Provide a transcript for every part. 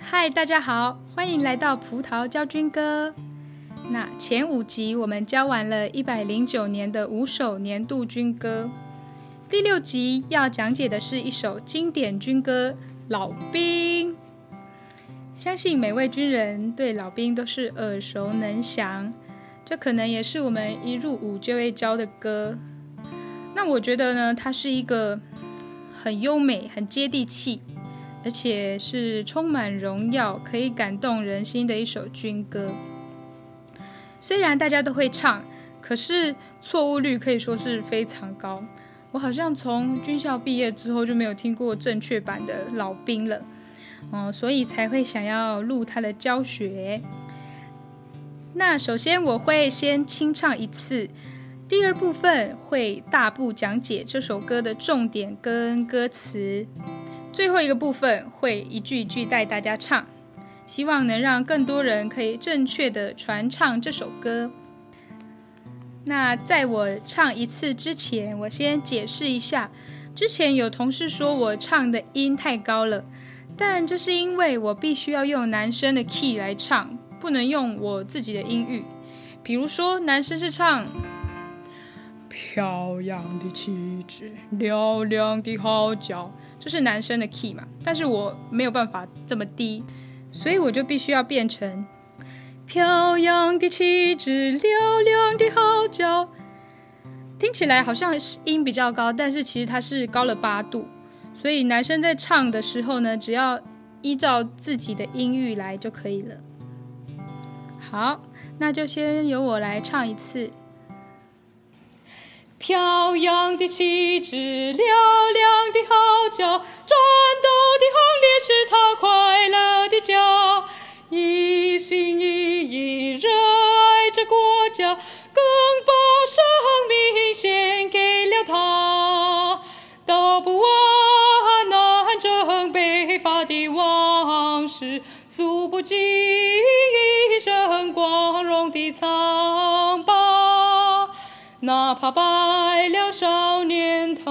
嗨，大家好，歡迎來到葡萄教軍歌。那前五集我們教完了一百零九年的五首年度軍歌，第六集要講解的是一首經典軍歌《老兵》。相信每位軍人對老兵都是耳熟能詳。這可能也是我們一入伍就會教的歌。那我覺得呢，它是一個很優美、很接地氣，而且是充滿榮耀、可以感動人心的一首軍歌。雖然大家都會唱，可是錯誤率可以說是非常高。我好像從軍校畢業之後就沒有聽過正確版的《老兵》了，哦，所以才會想要錄它的教學。那首先我會先清唱一次，第二部分會大步講解這首歌的重點跟歌詞，最後一個部分會一句一句帶大家唱，希望能讓更多人可以正確的傳唱這首歌。那在我唱一次之前，我先解釋一下，之前有同事說我唱的音太高了，但這是因為我必須要用男生的 key 來唱。不能用我自己的音域，比如說男生是唱《飄揚的旗幟，嘹亮的號角》就，這是男生的 key 嘛。但是我沒有辦法這麼低，所以我就必須要變成《飄揚的旗幟，嘹亮的號角》。聽起來好像音比較高，但是其實它是高了八度。所以男生在唱的時候呢，只要依照自己的音域來就可以了。好，那就先由我來唱一次。飄揚的旗幟，嘹亮的號角，戰鬥的行列是他快樂的家。一心一意熱愛着國家，更把生命獻給了她。道不完南征北伐的往事。訴不盡一身光榮的瘡疤，哪怕白了少年頭，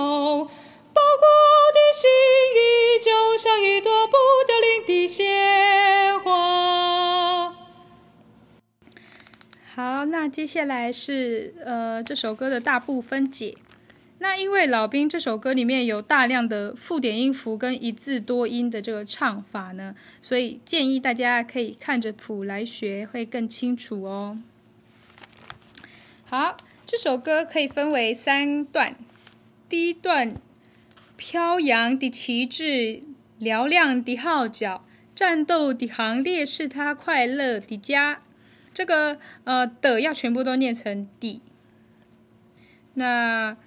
報國的心意就像一朵不凋零的鮮花。好，那接下來是呃這首歌的大部分解。那因為《老兵》這首歌裡面有大量的附點音符跟一字多音的這個唱法呢，所以建議大家可以看着譜來學會更清楚哦。好，這首歌可以分為三段。第一段，飄揚的旗幟，嘹亮的號角，戰鬥的行列是他快樂的家。這個呃的要全部都念成的那。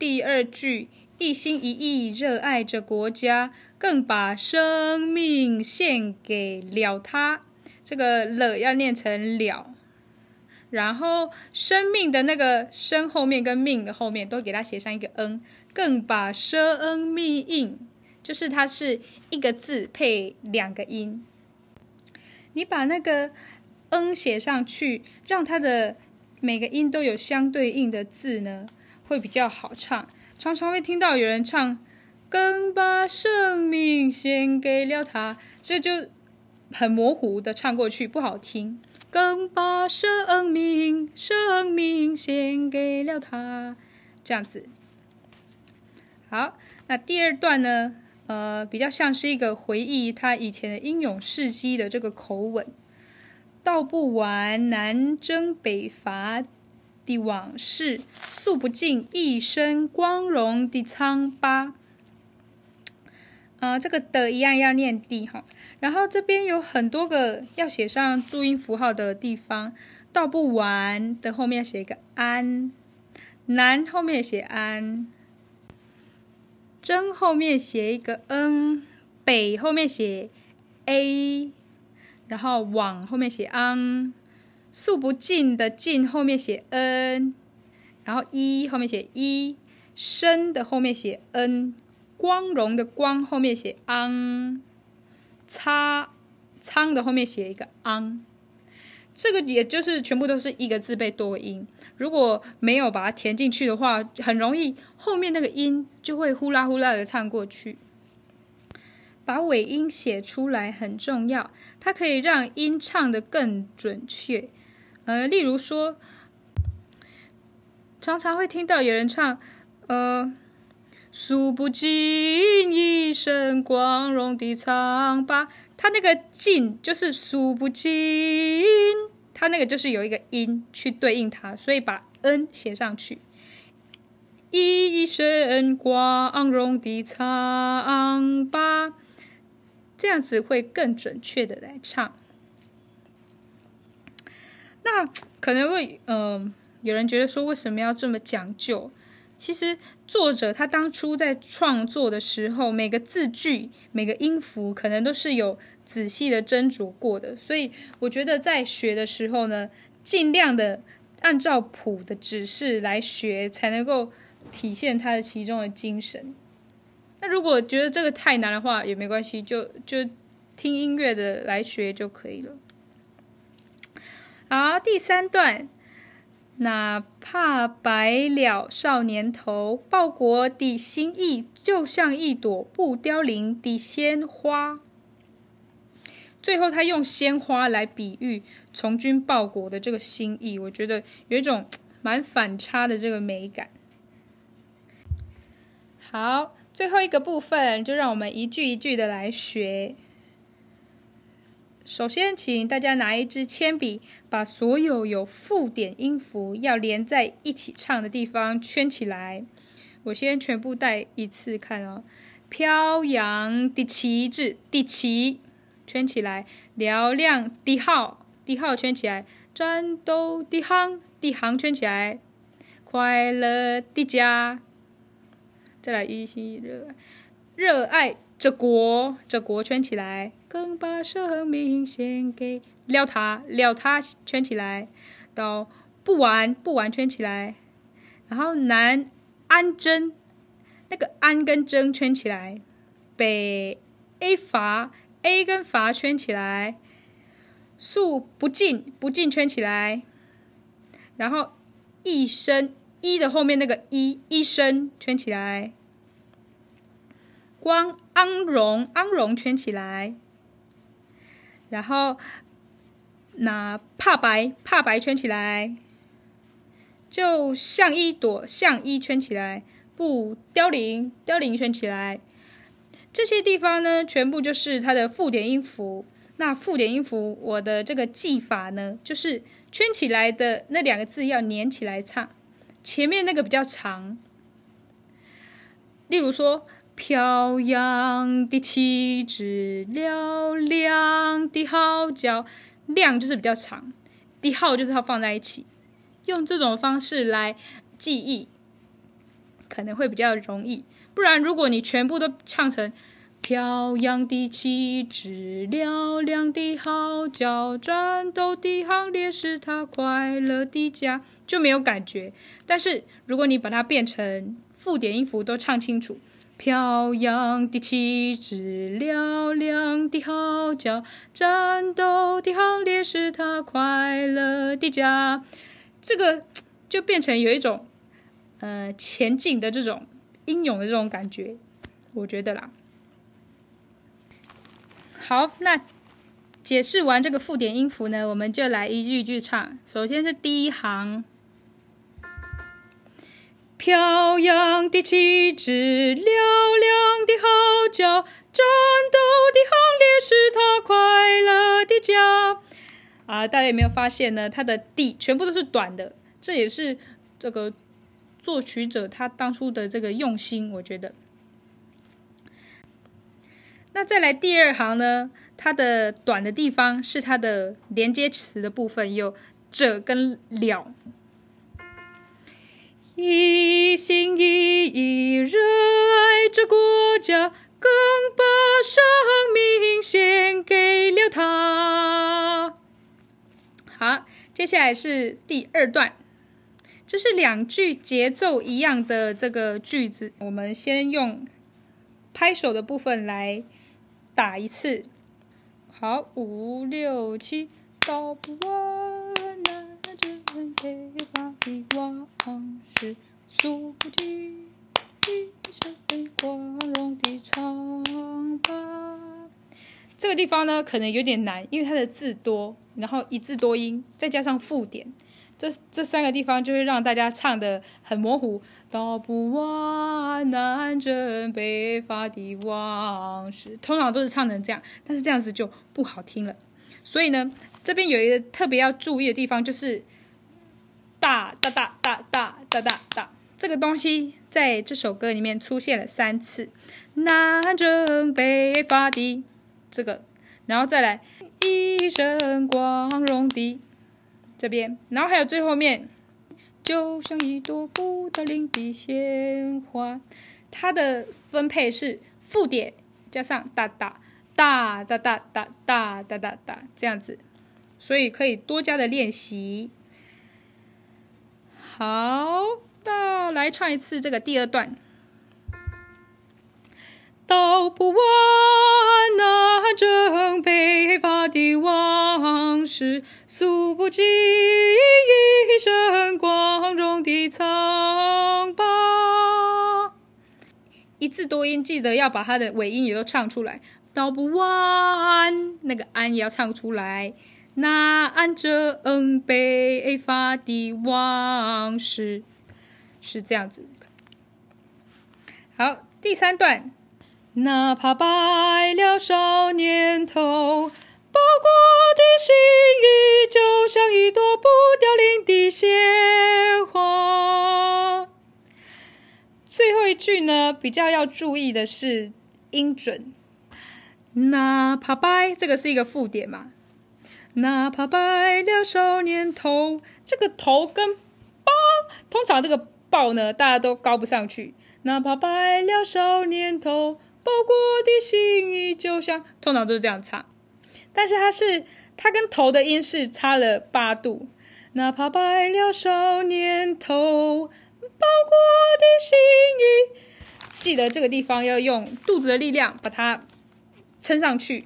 第二句，一心一意熱愛着國家，更把生命獻給了他。這個了要念成了，然後生命的那個生後面跟命的後面都給他寫上一個嗯，更把生命 in，就是它是一個字配兩個音。你把那個嗯寫上去，讓它的每個音都有相對應的字呢。會比較好唱，常常會聽到有人唱“更把生命獻給了他”，這就很模糊的唱過去，不好聽。“更把生命，生命獻給了他”，這樣子。好，那第二段呢？呃，比較像是一個回憶他以前的英勇事蹟的這個口吻，道不完南征北伐。的往事，數不盡一身光榮的瘡疤。啊、呃，這個的一樣要念的哈。然後這邊有很多個要寫上注音符號的地方，道不完的後面寫一個安，南後面寫安，征後面寫一個 n，北後面寫 a，然後往後面寫 ng。數不盡的盡後面寫 n，然後一後面寫一，身的後面寫 n，光榮的光後面寫 ang，瘡疤的後面寫一個 ang，這個也就是全部都是一個字背多音。如果沒有把它填進去的話，很容易後面那個音就會呼啦呼啦的唱過去。把尾音寫出來很重要，它可以讓音唱得更準確。呃，例如說，常常會聽到有人唱，呃，數不盡一身光榮的瘡疤，他那個“盡”就是數不盡，他那個就是有一個“音”去對應它，所以把 “n” 寫上去，一身光榮的瘡疤，這樣子會更準確的來唱。那可能會，嗯、呃，有人覺得說，為什麼要這麼講究？其實作者他當初在創作的時候，每個字句、每個音符，可能都是有仔細的斟酌過的。所以我覺得在學的時候呢，盡量的按照譜的指示來學，才能夠體現它的其中的精神。那如果覺得這個太難的話，也沒關係，就就聽音樂的來學就可以了。好，第三段，哪怕白了少年頭，報國的心意就像一朵不凋零的鮮花。最後，他用鮮花來比喻從軍報國的這個心意，我覺得有一種蠻反差的這個美感。好，最後一個部分，就讓我們一句一句的來學。首先，請大家拿一支鉛筆，把所有有附點音符要連在一起唱的地方圈起來。我先全部帶一次看哦。飄揚的旗幟，的旗圈起來；嘹亮的號，的號圈起來；戰鬥的行的行圈起來；快樂的家。再來一起熱熱，熱愛著國，著國圈起來。更把生命獻給了她，了她圈起來。道不完，不完圈起來。然後南安征，那個安跟征圈起來。北 A 伐，A 跟伐圈起來。數不盡不盡圈起來。然後一身一的後面那個一，一身圈起來。光安榮，安榮圈起來。然後哪怕，哪怕白怕白圈起來，就像一朵像一圈起來，不凋零凋零一圈起來，這些地方呢，全部就是它的附點音符。那附點音符，我的這個記法呢，就是圈起來的那兩個字要連起來唱，前面那個比較長。例如說。飄揚的旗幟，嘹亮的號角，亮就是比較長，的號就是要放在一起，用這種方式來記憶，可能會比較容易。不然，如果你全部都唱成飄揚的旗幟，嘹亮的號角，戰鬥的行列是他快樂的家，就沒有感覺。但是，如果你把它變成附點音符，都唱清楚。飄揚的旗幟，嘹亮的號角，戰鬥的行列是他快樂的家。這個就變成有一種呃前進的這種英勇的這種感覺，我覺得啦。好，那解釋完這個附點音符呢，我們就來一句一句唱。首先是第一行。飄揚的旗幟，嘹亮的號角，戰鬥的行列是他快樂的家。啊，大家有沒有發現呢？它的地全部都是短的，這也是這個作曲者他當初的這個用心，我覺得。那再來第二行呢，它的短的地方是它的連接詞的部分，有著跟了。一心一意熱愛着國家，更把生命獻給了他。好，接下來是第二段，這是兩句節奏一樣的這個句子，我們先用拍手的部分來打一次。好，五六七，道不完。北伐的往事數不盡，一身光榮的瘡疤。這個地方呢，可能有點難，因為它的字多，然後一字多音，再加上附點，這這三個地方就會讓大家唱得很模糊。道不完南征北伐的往事，通常都是唱成這樣，但是這樣子就不好聽了。所以呢，這邊有一個特別要注意的地方，就是。噠噠噠噠噠噠噠噠，這個東西在這首歌裡面出現了三次。南征北伐的這個，然後再來一身光榮的這邊，然後還有最後面，就像一朵不凋零的鮮花。它的分配是附點加上噠噠噠噠噠噠噠噠噠這樣子，所以可以多加的練習。好，那來唱一次這個第二段。道不完南征北伐的往事，訴不盡一生光榮的瘡疤。一字多音，記得要把它的尾音也都唱出來。道不完那個安也要唱出來。南征北伐的往事，是這樣子。好，第三段，哪怕白了少年頭，報國的心意就像一朵不凋零的鮮花。最後一句呢，比較要注意的是音準。哪怕白，這個是一個附點嘛。哪怕白了少年頭，這個頭跟報，通常這個報呢，大家都高不上去。哪怕白了少年頭，報國的心意就像，通常都是這樣唱。但是它是，它跟頭的音是差了八度。哪怕白了少年頭，報國的心意，記得這個地方要用肚子的力量把它撐上去。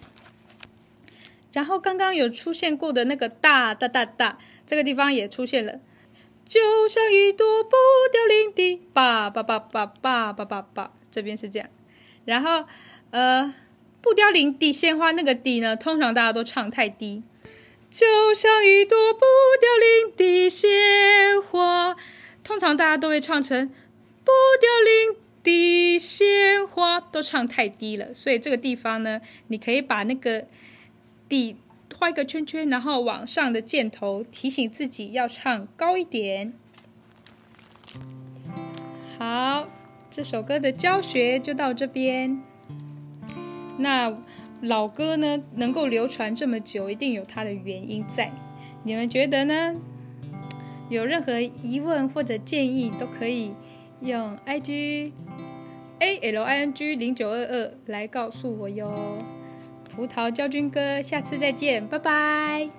然後剛剛有出現過的那個大大大大，這個地方也出現了。就像一朵不凋零的，吧吧吧吧吧吧吧吧。這邊是這樣，然後呃，不凋零的鮮花那個“的”呢，通常大家都唱太低。就像一朵不凋零的鮮花，通常大家都會唱成不凋零的鮮花，都唱太低了。所以這個地方呢，你可以把那個。第，畫一個圈圈，然後往上的箭頭，提醒自己要唱高一點。好，這首歌的教學就到這邊。那老歌呢，能夠流傳這麼久，一定有它的原因在。你們覺得呢？有任何疑問或者建議，都可以用 I G A L I N G 零九二二來告訴我喲。葡萄教軍歌，下次再見，拜拜。